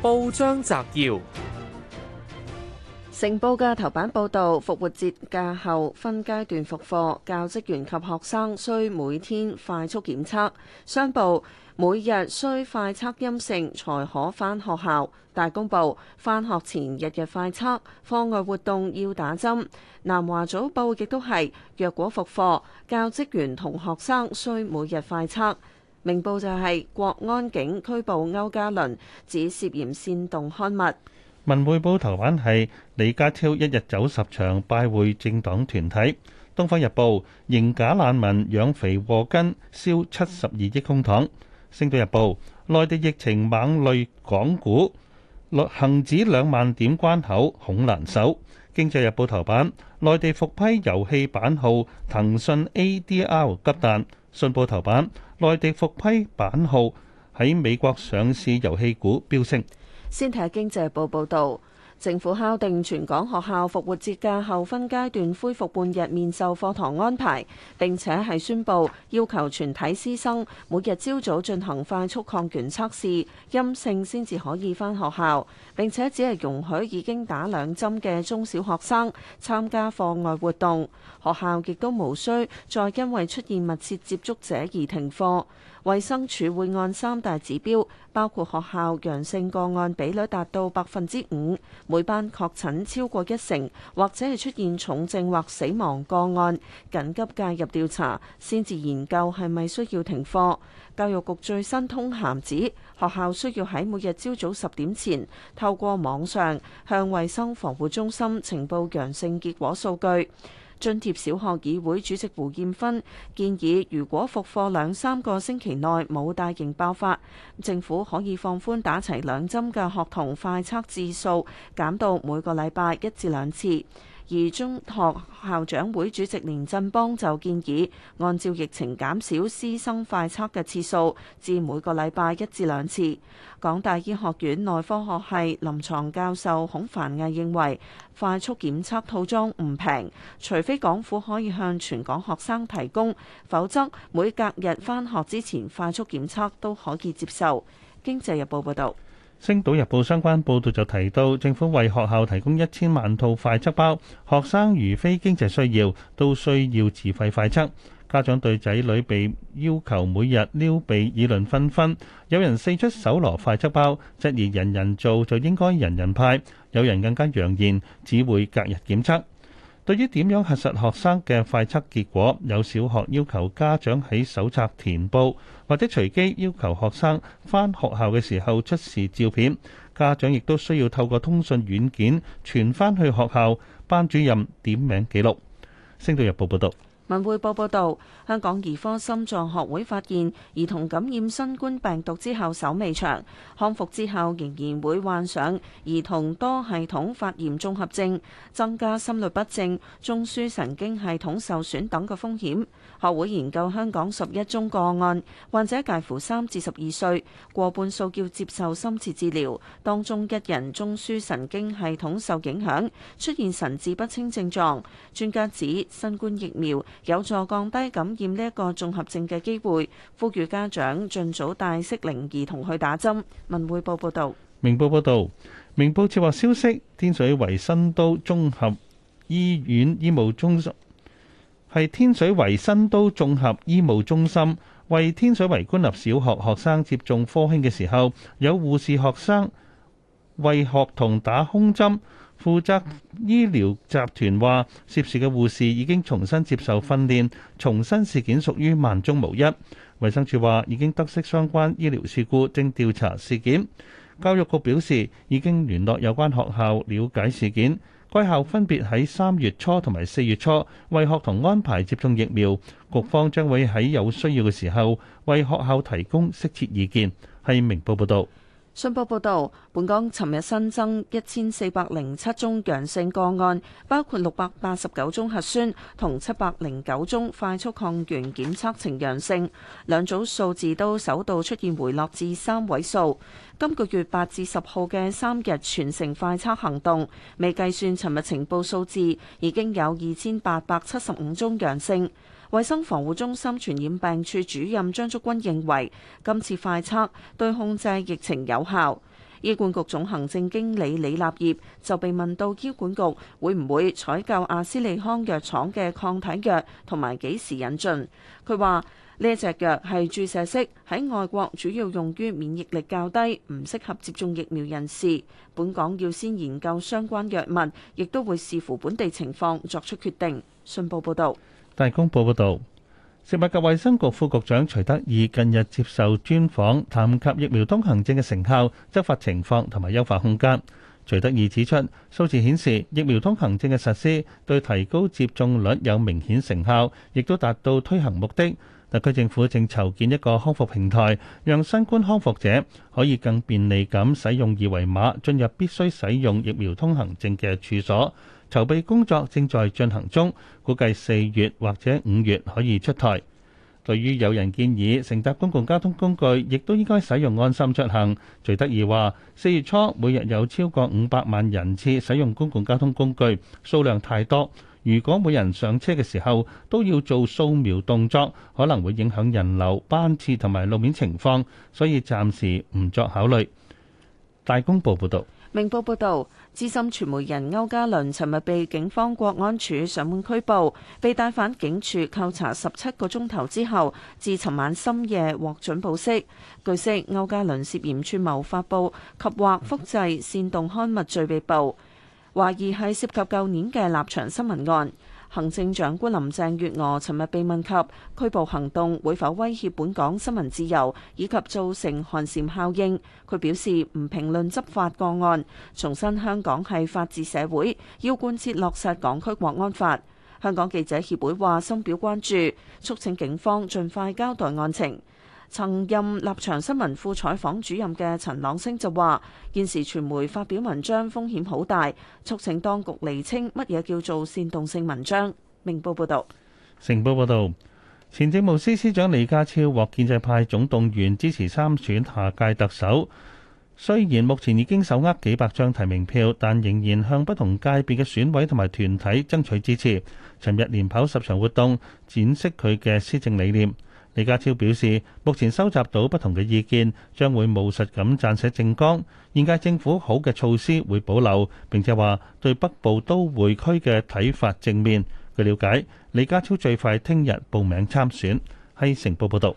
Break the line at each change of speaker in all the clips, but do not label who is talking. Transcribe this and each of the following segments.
報章摘要：
成報嘅頭版報道復活節假後分階段復課，教職員及學生需每天快速檢測。商報每日需快測陰性才可返學校。大公報返學前日日快測，課外活動要打針。南華早報亦都係，若果復課，教職員同學生需每日快測。明報就係國安警拘捕歐嘉倫，指涉嫌煽動刊物。
文匯報頭版係李家超一日走十場拜會政黨團體。東方日報認假難民養肥禍根，燒七十二億空堂。星島日報內地疫情猛累港股，恆指兩萬點關口恐難守。經濟日報頭版內地復批遊戲版號，騰訊 ADR 急彈。信報頭版，內地復批版號喺美國上市遊戲股飆升。
先睇下經濟日報報道。政府敲定全港學校復活節假後分階段恢復半日面授課堂安排，並且係宣布要求全體師生每日朝早進行快速抗原測試，陰性先至可以返學校，並且只係容許已經打兩針嘅中小學生參加課外活動。學校亦都無需再因為出現密切接觸者而停課。衛生署會按三大指標，包括學校陽性個案比率達到百分之五、每班確診超過一成，或者係出現重症或死亡個案，緊急介入調查，先至研究係咪需要停課。教育局最新通函指，學校需要喺每日朝早十點前透過網上向衛生防護中心呈報陽性結果數據。津貼小學議會主席胡劍芬建議，如果復課兩三個星期內冇大型爆發，政府可以放寬打齊兩針嘅學童快測次數，減到每個禮拜一至兩次。而中學校長會主席連振邦就建議，按照疫情減少師生快測嘅次數至每個禮拜一至兩次。港大醫學院內科學系臨床教授孔凡毅認為，快速檢測套裝唔平，除非港府可以向全港學生提供，否則每隔日返學之前快速檢測都可以接受。經濟日報報道。
星島日報相關報導就提到，政府為學校提供一千萬套快測包，學生如非經濟需要，都需要自費快測。家長對仔女被要求每日撩鼻議論紛紛，有人四出搜羅快測包，質疑人人做就應該人人派；有人更加揚言只會隔日檢測。對於點樣核實學生嘅快測結果，有小學要求家長喺手冊填報，或者隨機要求學生返學校嘅時候出示照片，家長亦都需要透過通訊軟件傳返去學校班主任點名記錄。星島日報報道。
文匯報報道，香港兒科心臟學會發現，兒童感染新冠病毒之後手尾長，康復之後仍然會患上兒童多系統發炎綜合症，增加心律不正、中樞神經系統受損等嘅風險。學會研究香港十一宗個案，患者介乎三至十二歲，過半數要接受深切治療，當中一人中樞神經系統受影響，出現神志不清症狀。專家指，新冠疫苗，有助降低感染呢一個綜合症嘅機會，呼籲家長盡早帶適齡兒童去打針。文匯報報道：
「明報報道，明報接獲消息，天水圍新都綜合醫院醫務中心係天水圍新都綜合醫務中心，為天水圍官立小學學生接種科興嘅時候，有護士學生為學童打空針。負責醫療集團話，涉事嘅護士已經重新接受訓練，重申事件屬於萬中無一。衛生署話已經得悉相關醫療事故，正調查事件。教育局表示已經聯絡有關學校了解事件，該校分別喺三月初同埋四月初為學童安排接種疫苗，局方將會喺有需要嘅時候為學校提供適切意見。係明報報導。
信報報導，本港尋日新增一千四百零七宗陽性個案，包括六百八十九宗核酸同七百零九宗快速抗原檢測呈陽性，兩組數字都首度出現回落至三位數。今個月八至十號嘅三日全城快測行動，未計算尋日情報數字，已經有二千八百七十五宗陽性。衛生防護中心傳染病處主任張竹君認為，今次快測對控制疫情有效。醫管局總行政經理李立業就被問到，醫管局會唔會採購阿斯利康藥廠嘅抗體藥，同埋幾時引進？佢話呢一隻藥係注射式，喺外國主要用於免疫力較低、唔適合接種疫苗人士。本港要先研究相關藥物，亦都會視乎本地情況作出決定。信報報道。
大公報報導，食物及衛生局副局長徐德義近日接受專訪，談及疫苗通行證嘅成效、執法情況同埋優化空間。徐德義指出，數字顯示疫苗通行證嘅實施對提高接種率有明顯成效，亦都達到推行目的。特區政府正籌建一個康復平台，讓新冠康復者可以更便利咁使用二維碼進入必須使用疫苗通行證嘅處所。籌備工作正在進行中，估計四月或者五月可以出台。對於有人建議乘搭公共交通工具，亦都應該使用安心出行，徐德義話：四月初每日有超過五百萬人次使用公共交通工具，數量太多。如果每人上車嘅時候都要做掃描動作，可能會影響人流、班次同埋路面情況，所以暫時唔作考慮。大公報報道。
明報報導，資深傳媒人歐嘉倫尋日被警方國安處上門拘捕，被帶返警署扣查十七個鐘頭之後，至尋晚深夜獲准保釋。據悉，歐嘉倫涉嫌串謀發布及或複製煽動刊物罪被捕，懷疑係涉及舊年嘅立場新聞案。行政長官林鄭月娥尋日被問及拘捕行動會否威脅本港新聞自由以及造成寒蟬效應，佢表示唔評論執法個案，重申香港係法治社會，要貫徹落實港區國安法。香港記者協會話深表關注，促請警方盡快交代案情。曾任立場新聞副採訪主任嘅陳朗升就話，現時傳媒發表文章風險好大，促請當局釐清乜嘢叫做煽動性文章。明報報道：
「成報報道，前政務司司長李家超獲建制派總動員支持參選下屆特首。雖然目前已經手握幾百張提名票，但仍然向不同界別嘅選委同埋團體爭取支持。尋日連跑十場活動，展示佢嘅施政理念。李家超表示，目前收集到不同嘅意見，將會務實咁撰寫政綱。現屆政府好嘅措施會保留。並且話對北部都會區嘅睇法正面。據瞭解，李家超最快聽日報名參選。喺《成報》報導，
《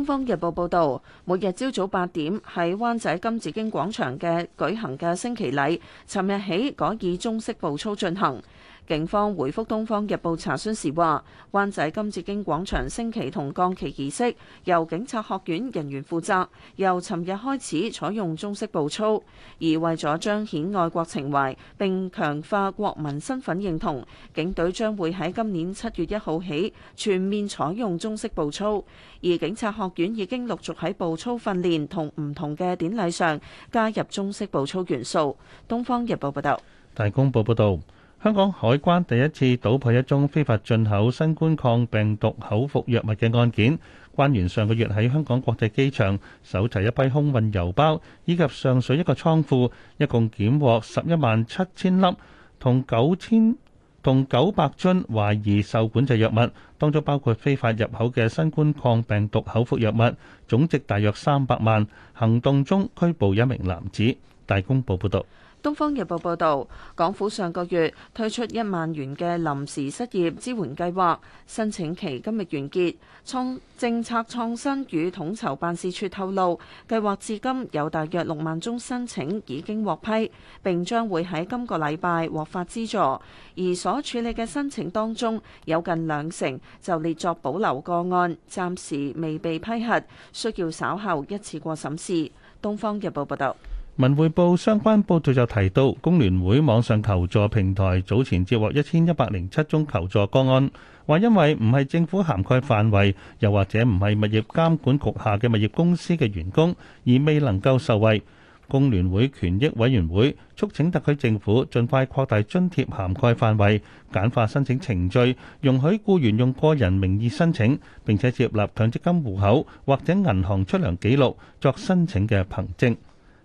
東方日報》報導，每日朝早八點喺灣仔金紫荊廣場嘅舉行嘅升旗禮，尋日起改以中式步操進行。警方回覆《東方日報》查詢時話：灣仔金紫荊廣場升旗同降旗儀式由警察學院人員負責，由尋日開始採用中式步操。而為咗彰顯愛國情懷並強化國民身份認同，警隊將會喺今年七月一號起全面採用中式步操。而警察學院已經陸續喺步操訓練同唔同嘅典禮上加入中式步操元素。《東方日報》報道。
《大公報》報道。香港海關第一次搗破一宗非法進口新冠抗病毒口服藥物嘅案件，關員上個月喺香港國際機場搜查一批空運郵包，以及上水一個倉庫，一共檢獲十一萬七千粒同九千同九百樽懷疑受管制藥物，當中包括非法入口嘅新冠抗病毒口服藥物，總值大約三百萬，行動中拘捕一名男子。大公報報道。
《東方日報》報導，港府上個月推出一萬元嘅臨時失業支援計劃，申請期今日完結。創政策創新與統籌辦事處透露，計劃至今有大約六萬宗申請已經獲批，並將會喺今個禮拜獲發資助。而所處理嘅申請當中有近兩成就列作保留個案，暫時未被批核，需要稍後一次過審視。《東方日報》報道。
文匯報相關報導就提到，工聯會網上求助平台早前接獲一千一百零七宗求助個案，話因為唔係政府涵蓋範圍，又或者唔係物業監管局下嘅物業公司嘅員工，而未能夠受惠。工聯會權益委員會促請特區政府盡快擴大津貼涵蓋範圍，簡化申請程序，容許雇員用個人名義申請，並且接納強積金戶口或者銀行出糧記錄作申請嘅憑證。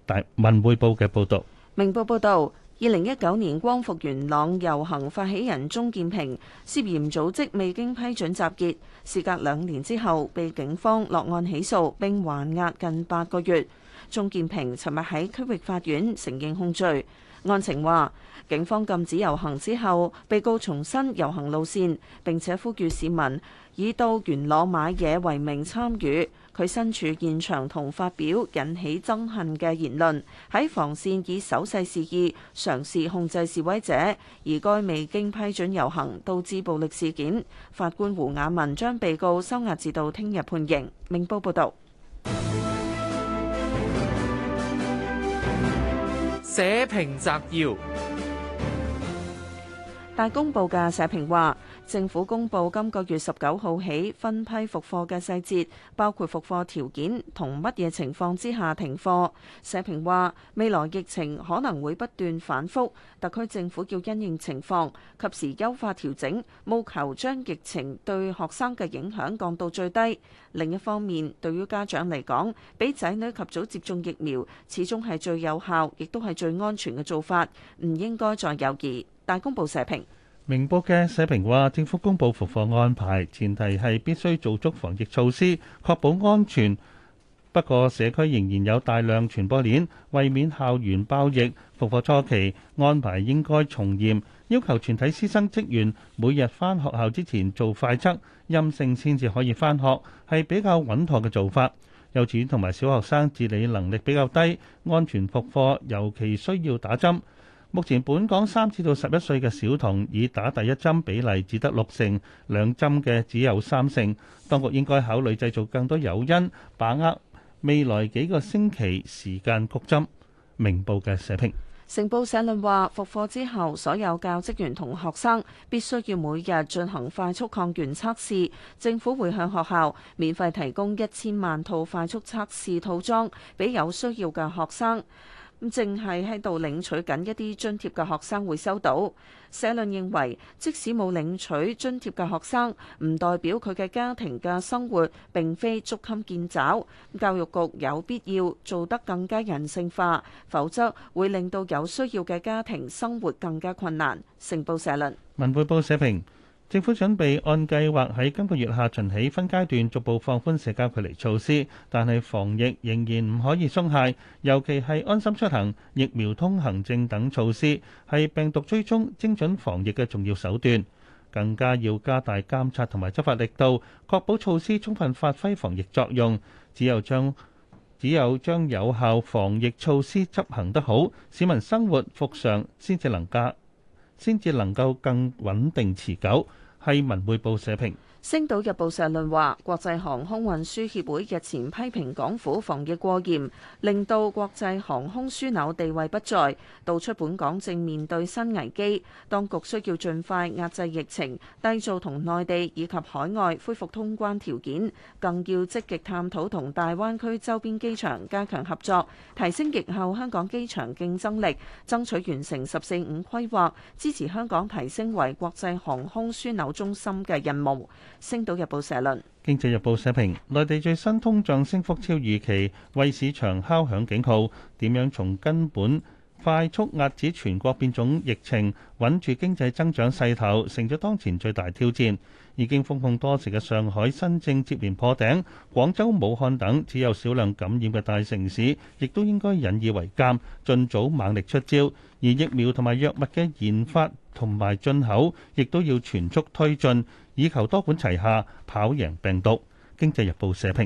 大文匯報嘅報道，
明報報道，二零一九年光復元朗遊行發起人鐘建平涉嫌組織未經批准集結，事隔兩年之後被警方落案起訴，並還押近八個月。鍾建平尋日喺區域法院承認控罪，案情話警方禁止遊行之後，被告重申遊行路線，並且呼籲市民以到元朗買嘢為名參與。佢身處現場同發表引起憎恨嘅言論，喺防線以手勢示意嘗試控制示威者，而該未經批准遊行導致暴力事件。法官胡雅文將被告收押至到聽日判刑。明報報道。寫評摘要。大公報嘅社評話，政府公布今個月十九號起分批復課嘅細節，包括復課條件同乜嘢情況之下停課。社評話，未來疫情可能會不斷反覆特區政府要因應情況及時優化調整，務求將疫情對學生嘅影響降到最低。另一方面，對於家長嚟講，俾仔女及早接種疫苗，始終係最有效，亦都係最安全嘅做法，唔應該再猶疑。但公佈社評，
明報嘅社評話：政府公佈復課安排，前提係必須做足防疫措施，確保安全。不過社區仍然有大量傳播鏈，為免校園爆疫，復課初期安排應該從嚴，要求全體師生職員每日返學校之前做快測，陰性先至可以返學，係比較穩妥嘅做法。幼稚園同埋小學生自理能力比較低，安全復課尤其需要打針。目前本港三至到十一歲嘅小童已打第一針比例只得六成，兩針嘅只有三成。當局應該考慮製造更多誘因，把握未來幾個星期時間焗針。明報嘅社評，
成報社論話：復課之後，所有教職員同學生必須要每日進行快速抗原測試。政府會向學校免費提供一千萬套快速測試套裝，俾有需要嘅學生。咁正係喺度領取緊一啲津貼嘅學生會收到。社論認為，即使冇領取津貼嘅學生，唔代表佢嘅家庭嘅生活並非捉襟見肘。教育局有必要做得更加人性化，否則會令到有需要嘅家庭生活更加困難。成報社論，
文匯報社評。政府準備按計劃喺今個月下旬起分階段逐步放寬社交距離措施，但係防疫仍然唔可以鬆懈。尤其係安心出行、疫苗通行證等措施係病毒追蹤、精準防疫嘅重要手段，更加要加大監察同埋執法力度，確保措施充分發揮防疫作用。只有將只有將有效防疫措施執行得好，市民生活復常先至能夠先至能夠更穩定持久，係文匯報社評。
《星島日報》社論話：國際航空運輸協會日前批評港府防疫過嚴，令到國際航空樞紐地位不再，道出本港正面對新危機。當局需要盡快壓制疫情，締造同內地以及海外恢復通關條件，更要積極探討同大灣區周邊機場加強合作，提升疫後香港機場競爭力，爭取完成十四五規劃，支持香港提升為國際航空樞紐中心嘅任務。星島日報社論。
《經濟日報》社評：內地最新通脹升幅超預期，為市場敲響警號。點樣從根本快速遏止全國變種疫情，穩住經濟增長勢頭，成咗當前最大挑戰。已經封控多時嘅上海、深圳接連破頂，廣州、武漢等只有少量感染嘅大城市，亦都應該引以為鑑，盡早猛力出招。而疫苗同埋藥物嘅研發同埋進口，亦都要全速推進，以求多管齊下，跑贏病毒。經濟日報社評。